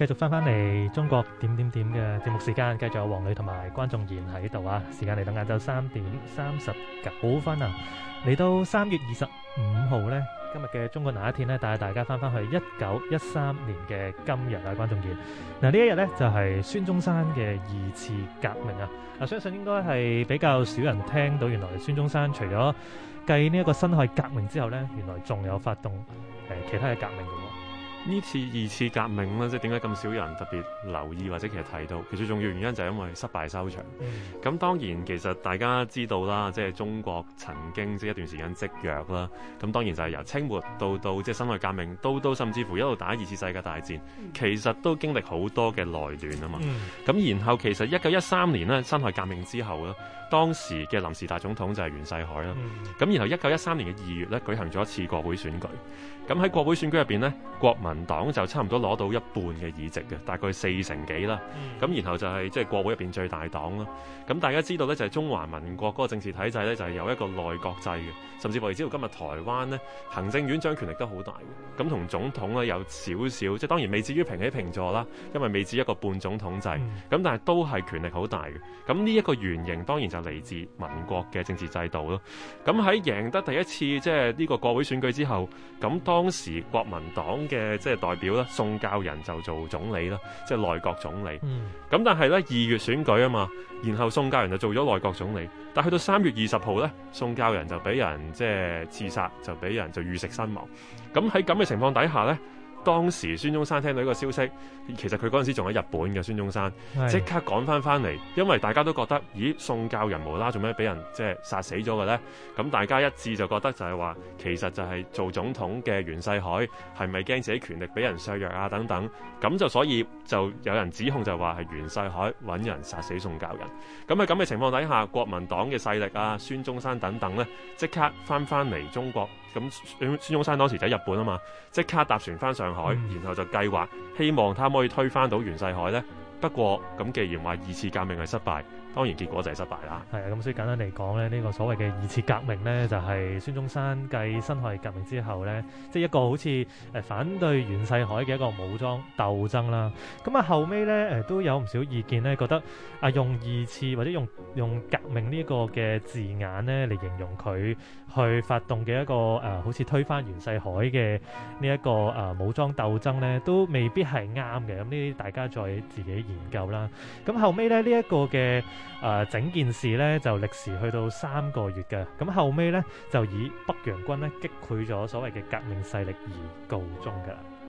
繼續翻翻嚟中國點點點嘅節目時間，繼續有黃磊同埋關仲賢喺度啊！時間嚟到晏晝三點三十九分啊，嚟到三月二十五號咧，今日嘅中國哪一天咧？帶下大家翻翻去一九一三年嘅今日啊，關仲賢，嗱呢一日咧就係孫中山嘅二次革命啊！嗱，相信應該係比較少人聽到，原來孫中山除咗繼呢一個辛亥革命之後咧，原來仲有發動誒其他嘅革命嘅。呢次二次革命呢，即係點解咁少人特別留意或者其實提到？其實最重要原因就係因為失敗收場。咁、嗯、當然其實大家知道啦，即係中國曾經即係一段時間積弱啦。咁當然就係由清末到到即係辛亥革命，都都甚至乎一路打二次世界大戰，其實都經歷好多嘅內亂啊嘛。咁、嗯、然後其實一九一三年咧，辛亥革命之後咧，當時嘅臨時大總統就係袁世凱啦。咁、嗯、然後一九一三年嘅二月咧，舉行咗一次國會選舉，咁喺國會選舉入邊咧，國民民黨就差唔多攞到一半嘅議席嘅，大概四成幾啦。咁然後就係即係國會入邊最大黨啦。咁大家知道呢，就係中華民國嗰個政治體制呢，就係有一個內閣制嘅，甚至我哋知道今日台灣呢行政院長權力都好大嘅。咁同總統呢有少少，即係當然未至於平起平坐啦，因為未至於一個半總統制。咁但係都係權力好大嘅。咁呢一個原型當然就嚟自民國嘅政治制度咯。咁喺贏得第一次即係呢個國會選舉之後，咁當時國民黨嘅即係代表啦，宋教仁就做總理啦，即係內閣總理。咁，嗯，但係呢，二月選舉啊嘛，然後宋教仁就做咗內閣總理，但去到三月二十號呢，宋教仁就俾人即係刺殺，就俾人就遇食身亡。咁喺咁嘅情況底下呢。當時孫中山聽到呢個消息，其實佢嗰陣時仲喺日本嘅。孫中山即刻趕翻翻嚟，因為大家都覺得，「咦，宋教仁無啦啦做咩俾人即係殺死咗嘅呢？」咁大家一致就覺得就係話，其實就係做總統嘅袁世凱係咪驚自己權力俾人削弱啊？等等，咁就所以就有人指控就係話係袁世凱揾人殺死宋教仁。咁喺咁嘅情況底下，國民黨嘅勢力啊，孫中山等等呢，即刻翻翻嚟中國。咁孫中山當時就喺日本啊嘛，即刻搭船翻上海，然後就計劃希望他可以推翻到袁世凱咧。不過咁既然話二次革命係失敗。當然結果就係失敗啦。係啊，咁所以簡單嚟講咧，呢個所謂嘅二次革命咧，就係孫中山繼辛亥革命之後咧，即係一個好似誒反對袁世凱嘅一個武裝鬥爭啦。咁啊後尾咧誒都有唔少意見咧，覺得啊用二次或者用用革命呢個嘅字眼咧嚟形容佢去發動嘅一個誒好似推翻袁世凱嘅呢一個誒武裝鬥爭咧，都未必係啱嘅。咁呢啲大家再自己研究啦。咁後尾咧呢一個嘅。誒、呃，整件事咧就歷時去到三個月嘅，咁後尾咧就以北洋軍咧擊潰咗所謂嘅革命勢力而告終㗎。